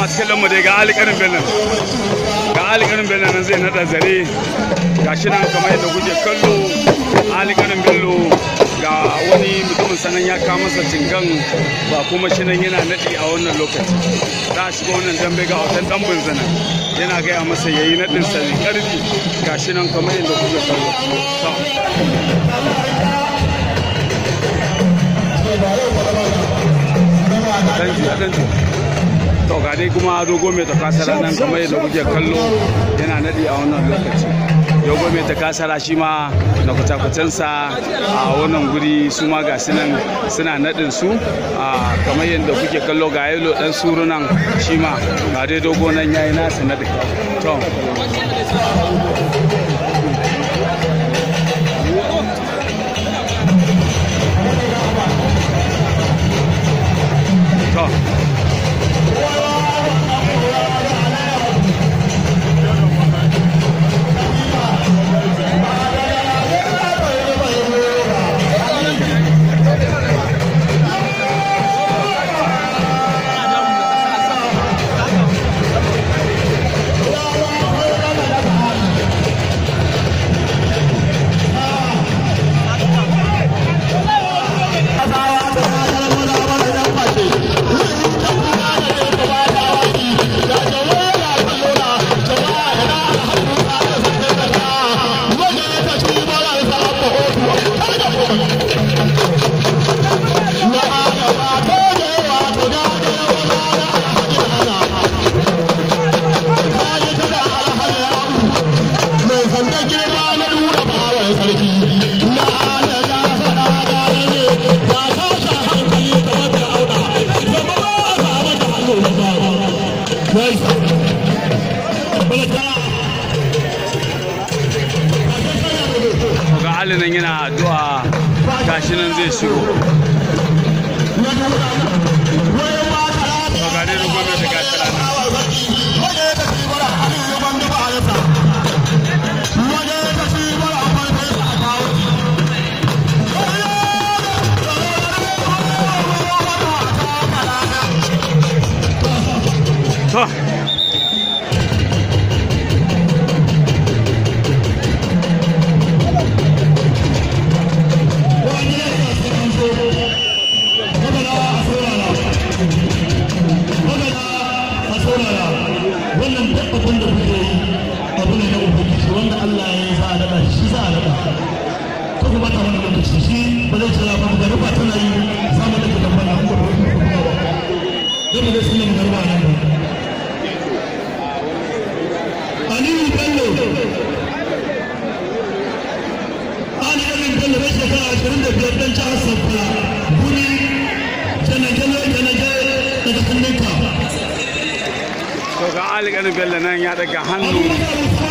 masu cikin lamu dai ga alƙarin bello ga alƙarin bello nan zai nada zare shi nan kamar yadda kuke kallo alƙarin bello ga wani mutumin sanan ya kama masa cingan ba kuma shi nan yana nadi a wannan lokaci za a shiga wannan dambe ga wata dan bunzana yana gaya masa yayi nadin sarri ne ga shi nan kamar yadda kuke kallo Thank you, thank you. to ga dai kuma dogo mai takasara nan kamar yadda kuke kallo yana nadi a wannan lokaci dogo mai takasara shi ma na kwatankwacensa a wannan guri su ma ga su nan suna nadin su kamar yadda kuke kallo ga yalo dan suru nan shi ma ga dai dogo nan yayi nasa nadi to nan yana addu'a gashi nan zai shigo Allah ya yi a shi a daɗa kuma ta wani lokaci shi ba zai ce ba rufa tana yi za mu daga Aliyu Bello Ali Amin Bello bai shekara ashirin da biyar guri daga ga Ali Bello nan ya daga hannu.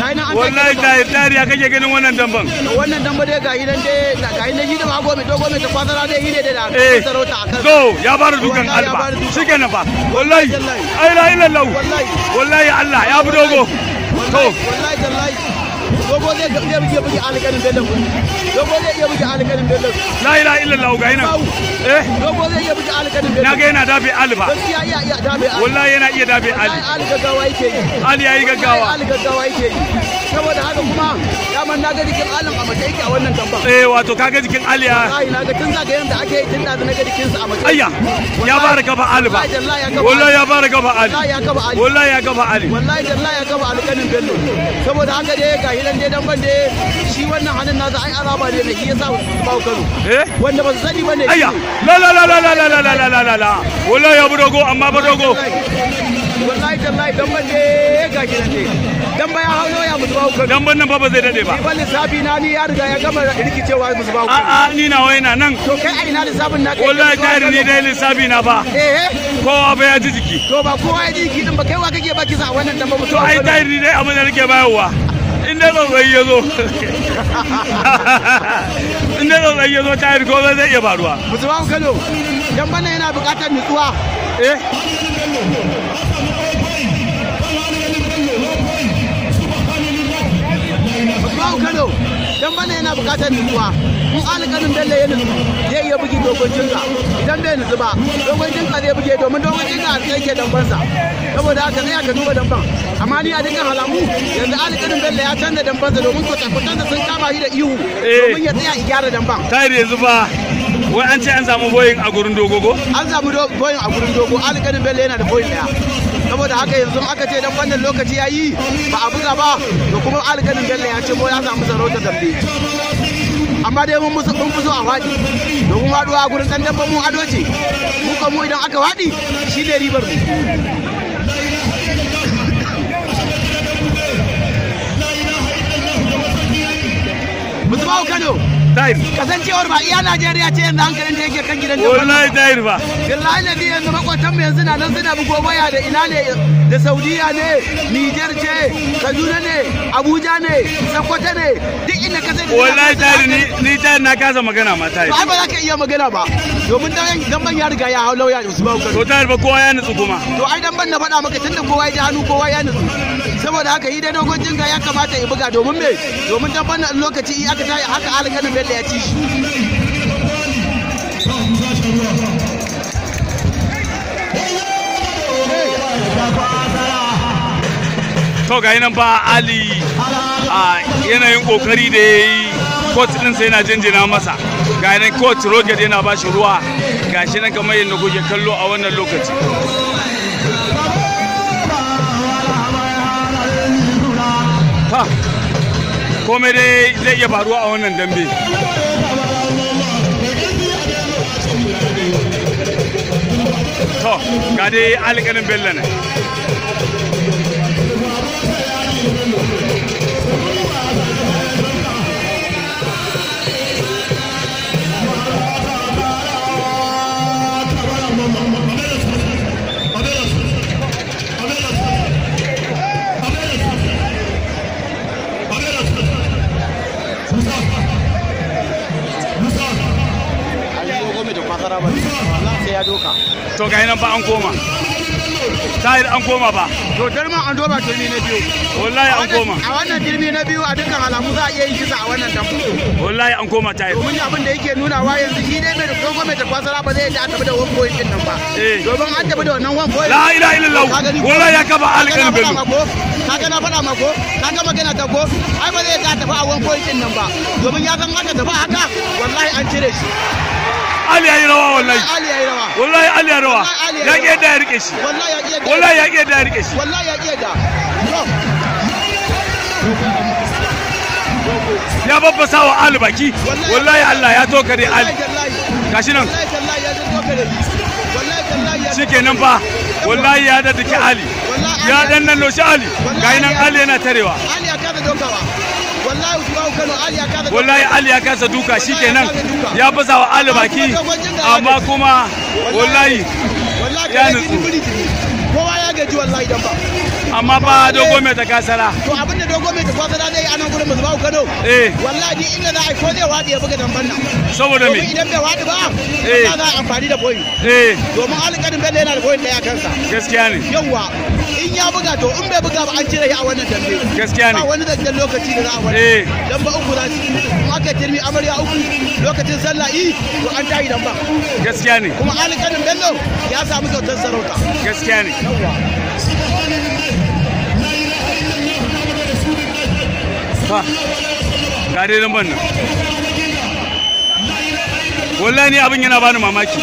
wallahi tayi tariya kake ganin wannan damban wannan damba dai ga idan dai ga idan dai hide da eh, sarauta akan ya bar dukan alba shikenan fa wallahi ai la ilaha illallah wallahi Allah ya dogo to wallahi dogo zai zai la ilaha illallah ga yana eh dogo zai iya buge alƙalin bello yana dabe gaskiya iya iya dabe wallahi yana iya dabe ali ali gaggawa yake yi ali yayi gaggawa ali gaggawa yake yi saboda haka kuma daman na ga jikin alin a mace yake a wannan tamban eh wato ka ga jikin ali ya na ga tun ake yi tun na ga jikin su a mace ayya ya fara gaba ali ba wallahi ya fara gaba ali wallahi ya gaba ali wallahi ya gaba ali kanin bello saboda haka dai ga hidan dai damban dai shi wannan hannun nasa ai ne shi yasa ba eh wanda ba su sani bane ayya la la la la la la la la la la wallahi ya budogo amma ba dogo wallahi tallahi dan ba je ga gidan ne dan ba ya hawo ya musu ba kan dan ban nan ba ba zai dade ba ni ba lissafi na ni ya riga ya gama rikicewa musu bawo a a'a ni na wai na nan to kai ai na lissafin na kai wallahi tayar ni dai lissafi na ba eh, eh kowa ba ya ji jiki to ba kowa ya ji jiki din ba kai wa kake baki sa wannan dan ba to ai tayar ni dai abin da nake bayarwa inda tsautsayi ya zo inda tsautsayi ya zo tayar gobe zai iya faruwa musulman kano yan bana yana bukatar nutsuwa eh musulman kano yan bana yana nutsuwa alƙalin bello ya nutsu zai iya bugi dogon jinka idan bai nutsu ba dogon jinka zai buge domin dogon jinka a tsaye ke dambansa saboda haka sai aka duba damban amma ni a dukkan halamu yanzu alƙalin bello ya canza dambansa domin kwatakwatansa sun kama shi da ihu eh. domin ya tsaya gyara damban. tayar yanzu ba wai an ce an samu boyin a gurin dogogo? an samu boyin a gurin dogo alƙalin bello yana da boyin daya saboda haka yanzu aka ce dan wannan lokaci ya yi ba a buga ba da kuma alƙalin bello ya ce ko ya samu sarauta dambe amma dai mun musu mun fi a waɗi domin waɗuwa a gurin ɗan dabba mun ado ce mu mu idan aka waɗi shi ne ribar mu tahir kasancewar ba iya najeriya ce yanzu hankalin da yake kan gidan jama'a wallahi tahir ba billahi nabi yanzu makwatan mu yanzu na nan suna bugo ya da ina ne da saudiya ne niger ce kaduna ne abuja ne sokoto ne duk inda ka sani wallahi tahir ni ni tahir na kasa magana ma tahir ba za ka iya magana ba domin dan ban ya riga ya hau lauya usman to tahir ba kowa ya nutsu kuma to ai dan ban na faɗa maka tunda kowa ya ji hannu kowa ya nutsu saboda haka yi da dogon jinga ya kamata ya buga domin me domin lokaci in aka tayi haka alƙalin bello ya ci to ga nan ba ali a yanayin kokari da ya yi coach din sai yana jinjina masa ga nan coach roger yana ba shi ruwa ga shi nan kamar yadda kuke kallo a wannan lokaci ha komai dai zai iya faruwa a wannan dambe to ga dai alƙalin bello ne to ga nan ba an koma sahil an koma ba to dalma an doba turmi na biyu wallahi an koma a wannan turmi na biyu a dukkan alamu za a iya yin kisa a wannan dambu wallahi an koma tayi sahil domin abin da yake nuna wa yanzu shi ne mai dogo mai tafasara ba zai yi a tafi da one point din nan ba eh. domin an tafi da wannan one boy la ilaha illallah wallahi ya kaba alƙalin bello kaga na faɗa mako kaga magana ta ko ai ba zai ta tafi a one point din nan ba domin ya san haka tafi haka wallahi an cire shi ali ayi rawa wallahi ali ayi rawa wallahi ali ya rawa ya ke da ya rike shi wallahi ya ke da ya rike shi wallahi ya babbasa wa ali baki wallahi allah ya toka da ali gashi nan shikenan fa wallahi ya da duki ali ya dan nan loshi ali gayi nan ali yana tarewa wallahi ali ya kasa duka shikenan ya fasa wa ali baki amma kuma wallahi ya nutsu kowa ya gaji wallahi dan ba amma ba dogo mai ta kasara to abinda da dogo mai kasara zai yi anan gurin musu bawo kano eh wallahi inda za a ko zai wadi ya buga damban nan saboda me idan bai wadi ba eh za a amfani da boyi eh domin alƙalin bai yana da boyi da ya kansa gaskiya ne yawa ya buga to in bai buga ba an cire shi a wannan dambe gaskiya ne ba wani dangan lokaci da za a wani eh. dan ba uku za su yi aka tirmi amarya uku lokacin sallah yi to an tayi dan ba gaskiya ne kuma alƙalin bello ya samu kyautar sarauta gaskiya ne ha ga dai nan ban nan wallahi abin yana bani mamaki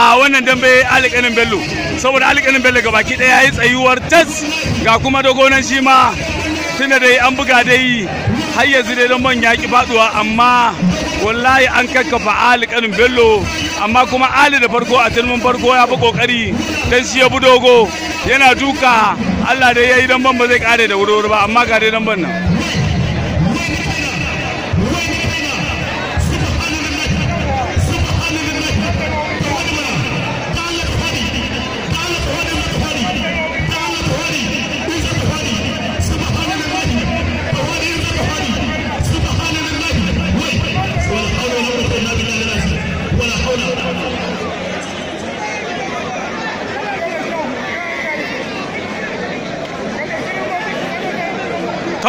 a wannan dambe alikanin bello saboda alikanin bello ga baki daya yayi tsayuwar tas ga kuma dogonan shi ma tunda dai an buga dai har yanzu dai don manya ki faduwa amma wallahi an kakkafa ali bello amma kuma ali da farko a turmin farko ya fi kokari dan shi ya bi dogo yana duka allah dai ya yi dan ban ba zai kare da wuri ba amma ga dai dan ban nan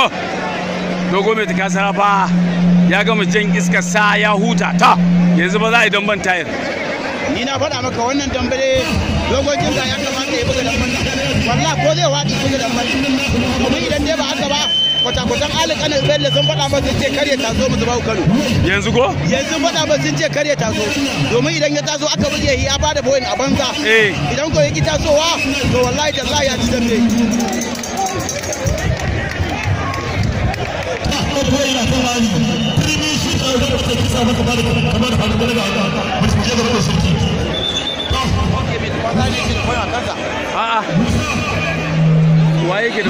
to dogo mai tuka ba ya gama jan iska sa ya huta ta yanzu ba za a yi damban tayar ni na faɗa maka wannan dambare dogon da ya kamata ya buga damban wallah ko zai waɗi buga damban kuma idan dai ba haka ba kwata-kwatan alik ana da sun faɗa sun ce karya taso mu zuba kano yanzu ko yanzu faɗa ba sun ce karya taso domin idan ya taso aka buge ya bada boyin a banza eh. idan ko ya ki tasowa to wallahi tallahi ya ci dambe ko ina ta mali turmi kisa maka ba waye ke da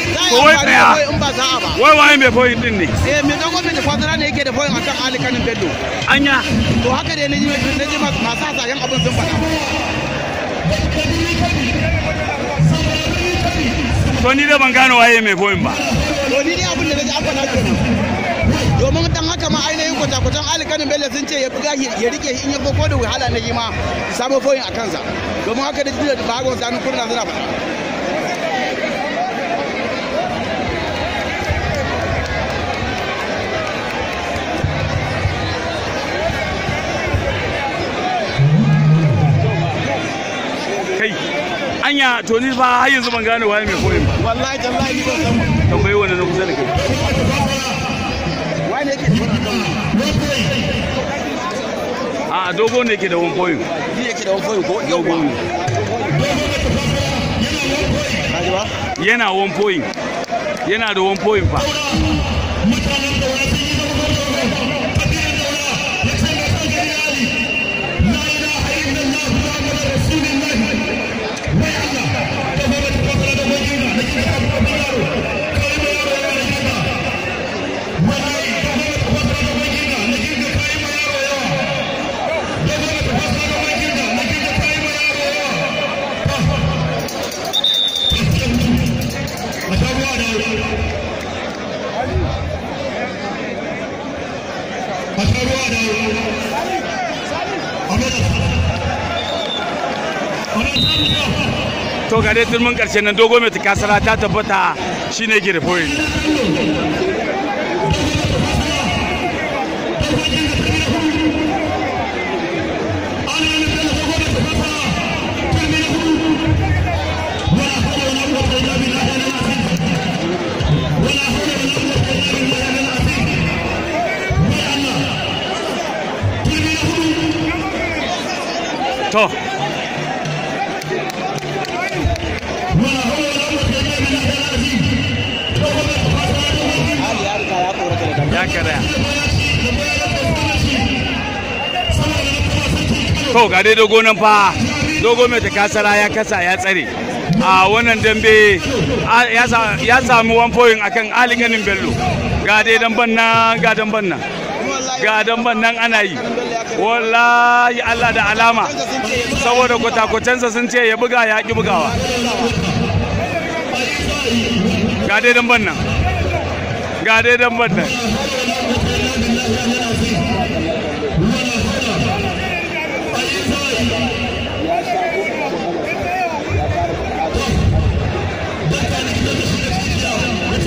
ko wai tsaya wai waye mai foyin din ne eh me dan gwamnati kwadara ne yake da foyin akan Ali Kanin Bello anya to haka dai naji naji masu hasayen abin sun faɗa to ni da ban gano waye mai foyin ba to ni dai abin da naji an faɗa kenan domin dan haka ma ainihin kwatakwatan alikanin bello sun ce ya fi gashi ya rike in ya ko da wahala na yi ma sabon foyin a kansa domin haka da jiya da bagon sanu kurna suna faɗa kai anya to ni ba har yanzu ban gane waye mai koyi ba wallahi jallahi ni ban san tambayi wani na kusa da kai wani yake a dogo ne yake da wani koyi ni yake da wani koyi ko dogo ne yana wani koyi yana da wani koyi fa turmin ƙarshen nan dogo mai tukasara ta tabbata shine girfoyin to ga dai dogo nan fa dogo mai takasara ya kasa ya tsare a wannan dambe ya sami one point akan aliganin bello ga dai damban nan ga damban nan ga damban nan ana yi wallahi Allah da alama saboda kwatakwacensa sun ce ya buga ya ki bugawa ga dai damban nan ga dai damban nan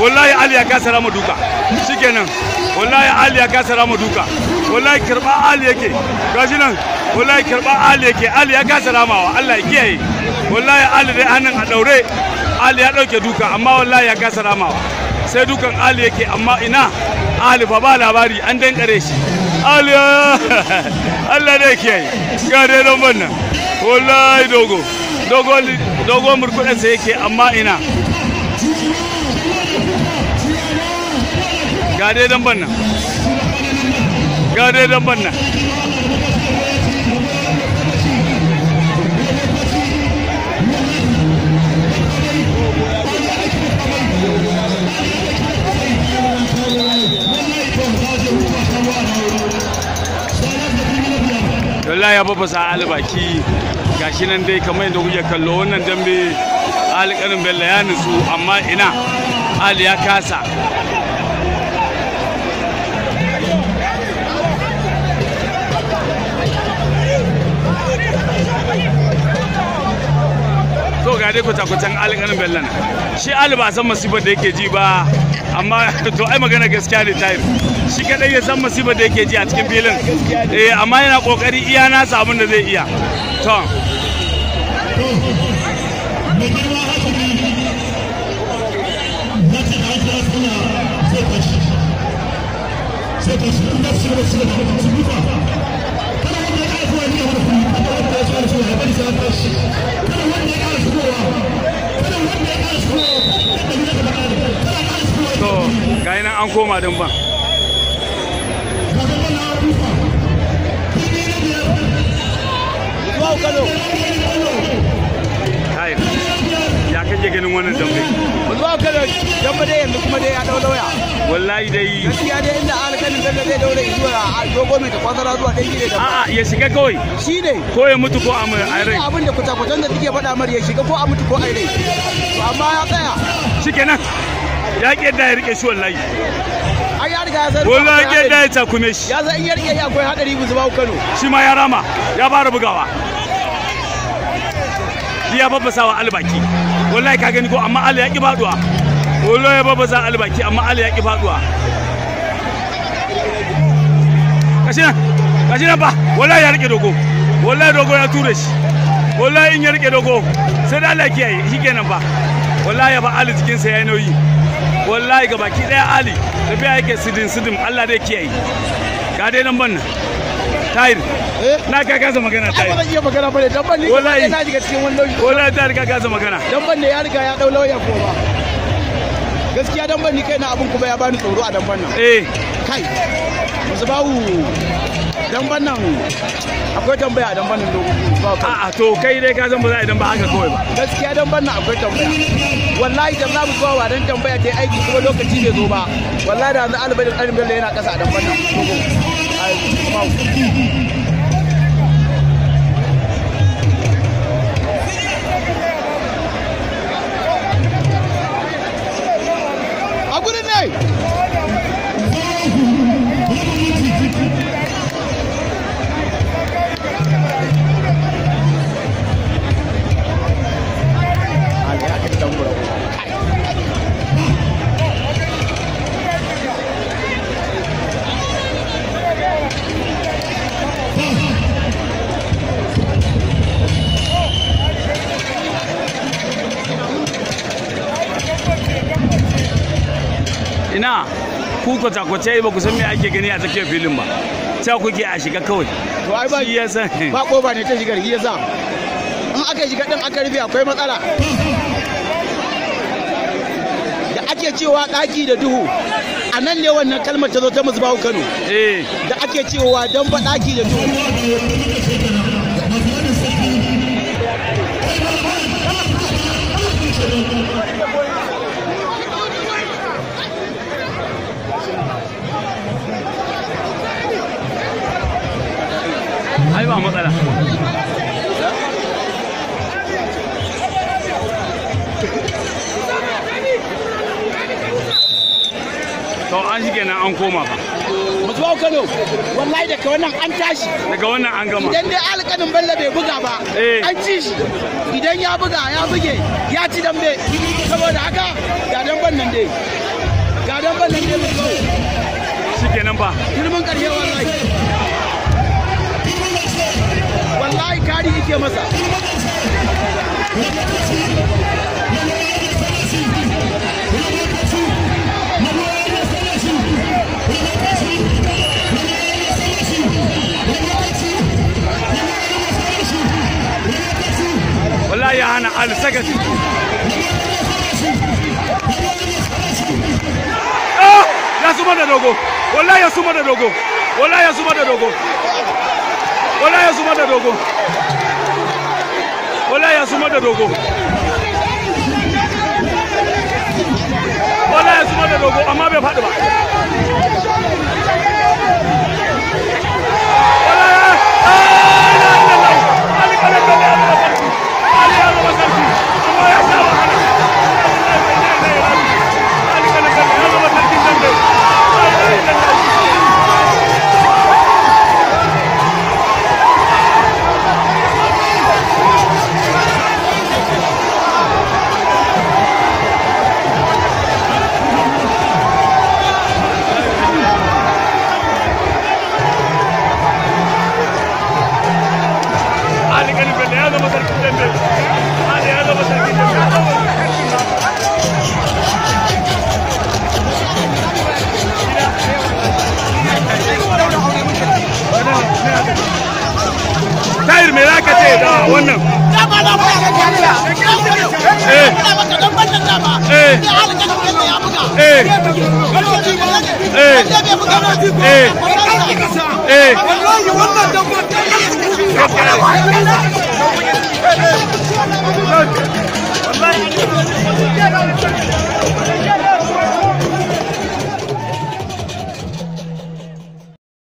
wallahi ali ya kasara mu duka shikenan wallahi ali ya kasara mu duka wallahi karba ali yake gashi nan wallahi karba ali yake ali ya kasa wa, Allah ya kiyaye wallahi ali dai anan a daure ali ya dauke duka amma wallahi ya kasa wa, sai dukan ali yake amma ina ali fa ba labari an dankare shi ali Allah dai kiyaye ga dai don wannan wallahi dogo dogo dogo sai yake amma ina ga dai damban nan ga dai damban nan wallahi ya babu sa albaki gashi nan dai kamar yadda kuke kallo wannan dambe alƙarin bella ya nutsu amma ina ali ya kasa na dai alin ganin bellan shi ali ba san masifar da yake ji ba amma to ai magana gaskiya ne tayi shi kadai ya san masifar da yake ji a cikin filin eh amma yana kokari iya na samun da zai iya to Thank ga nan an koma din ban ya kake ganin wannan dambe zuwa kano dambe dai yanzu kuma dai ya dau lauya wallahi dai gaskiya dai inda alƙalin dambe zai daure zuwa a dogo mai tafasara zuwa ɗan gida da a ya shiga kawai shi ne ko ya mutu ko a mai rai abin da kuta-kutan da suke faɗa mar ya shiga ko a mutu ko a rai to amma ya tsaya shikenan ya ke da ya rike shi wallahi ya riga ya san ko ya ke da ya takume shi ya san shi akwai hadari bu zuba Kano shi ma ya rama ya fara bugawa ya babbasa wa albaki wallahi ka gani ko amma Allah ya ki faduwa wallahi ya babbasa albaki amma Allah ya ki faduwa kashi nan kashi nan ba wallahi ya rike dogo wallahi dogo ya ture shi wallahi in ya rike dogo sai da Allah kiyaye shi kenan ba wallahi ya ba ali jikinsa ya yi nauyi wallahi ga baki daya ali biya yake sidin sidin Allah dai kiyaye ga dai nan banna tayir eh? na ka kasa magana tayir ba iya magana bane dan ban ni wallahi na daga cikin wannan lauyi wallahi ta riga kasa magana dan ban ne ya riga ya dau lauya ko ba gaskiya dan ban kai na abun kuma ya bani tsoro a dan banna eh kai musu bawu dan ban nan akwai tambaya dan ban nan ba a to kai dai ka zan ba za a idan ba haka kawai ba gaskiya dan ban akwai tambaya wallahi da zamu mu zuwa wa dan tambaya ta aiki kuma lokaci bai zo ba wallahi da yanzu albayin albayin yana kasa a dan wannan kwace-kwace ba ku san me ake gani a tsakiyar filin ba ta kuke a shiga kawai to ai ba ba kofa ne ta shigar shi yasa in aka shiga din aka rufe akwai matsala da ake cewa daki da duhu a nan ne wannan kalmar ta zo ta musbahu Kano eh. da ake cewa dan ba daki da duhu ba to an shi kenan an koma ba mutuwa kano wallahi daga wannan an tashi daga wannan an gama idan dai alƙalin bello bai buga ba eh. an ci shi idan ya buga ya buge ya ci dambe saboda haka ga ban nan dai ga damban nan dai shi kenan ba girman ƙarshe wallahi hari ike masa wallahi hana ah, ya suma da dogo wallahi ya suma da dogo wallahi ya suma da dogo wallahi ya suma da dogo ya suma da dogo wala ya suma da dogo amma bai faɗi ba eh eh